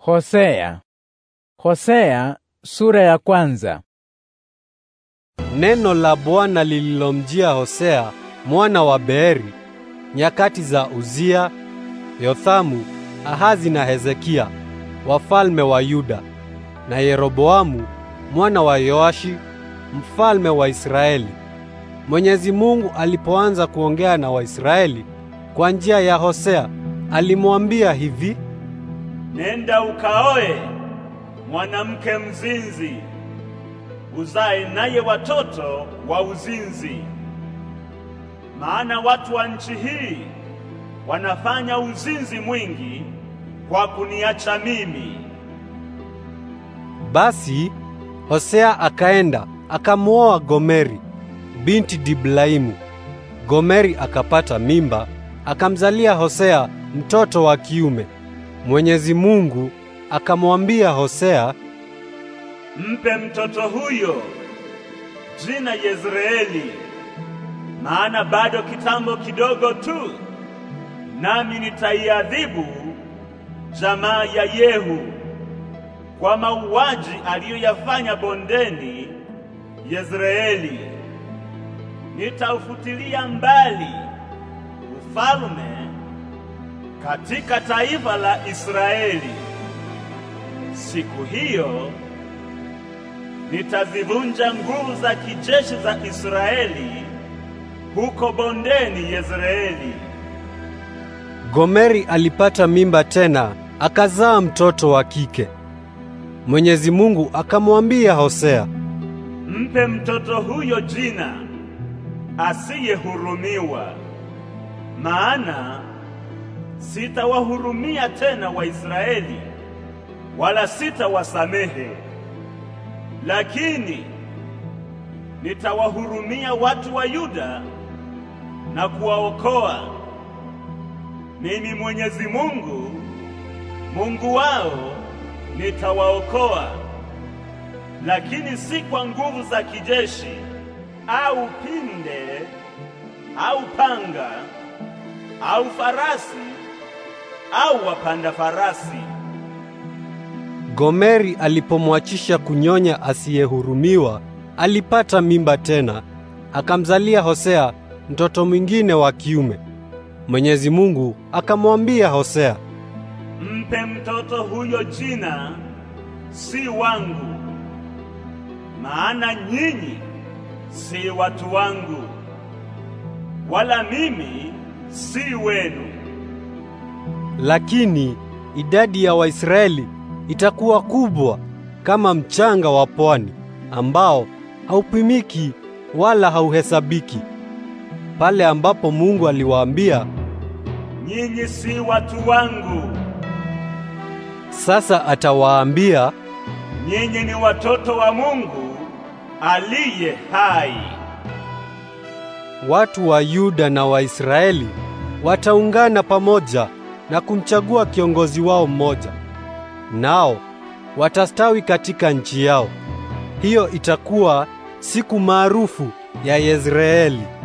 Hosea. Hosea sura ya kwanza. Neno la Bwana lililomjia Hosea mwana wa Beeri nyakati za Uzia, Yothamu, Ahazi na Hezekia wafalme wa Yuda na Yeroboamu mwana wa Yoashi mfalme wa Israeli. Mwenyezi Mungu alipoanza kuongea na Waisraeli kwa njia ya Hosea alimwambia hivi: nenda ukaoe mwanamke mzinzi, uzae naye watoto wa uzinzi. Maana watu wa nchi hii wanafanya uzinzi mwingi kwa kuniacha mimi. Basi Hosea akaenda akamwoa Gomeri binti Diblaimu. Gomeri akapata mimba akamzalia Hosea mtoto wa kiume. Mwenyezi Mungu akamwambia Hosea, mpe mtoto huyo jina Yezreeli, maana bado kitambo kidogo tu, nami nitaiadhibu jamaa ya Yehu kwa mauaji aliyoyafanya bondeni Yezreeli. Nitaufutilia mbali ufalme katika taifa la Israeli. Siku hiyo nitazivunja nguvu za kijeshi za Israeli huko bondeni Yezreeli. Gomeri alipata mimba tena akazaa mtoto wa kike. Mwenyezi Mungu akamwambia Hosea, mpe mtoto huyo jina asiyehurumiwa, maana sitawahurumia tena Waisraeli wala sitawasamehe, lakini nitawahurumia watu wa Yuda na kuwaokoa. Mimi Mwenyezi Mungu, Mungu wao, nitawaokoa, lakini si kwa nguvu za kijeshi au pinde au panga au farasi au wapanda farasi. Gomeri alipomwachisha kunyonya asiyehurumiwa, alipata mimba tena, akamzalia Hosea mtoto mwingine wa kiume. Mwenyezi Mungu akamwambia Hosea, mpe mtoto huyo jina si wangu, maana nyinyi si watu wangu, wala mimi si wenu lakini idadi ya Waisraeli itakuwa kubwa kama mchanga wa pwani ambao haupimiki wala hauhesabiki. Pale ambapo Mungu aliwaambia, nyinyi si watu wangu, sasa atawaambia, nyinyi ni watoto wa Mungu aliye hai. Watu wa Yuda na Waisraeli wataungana pamoja na kumchagua kiongozi wao mmoja, nao watastawi katika nchi yao. Hiyo itakuwa siku maarufu ya Yezreeli.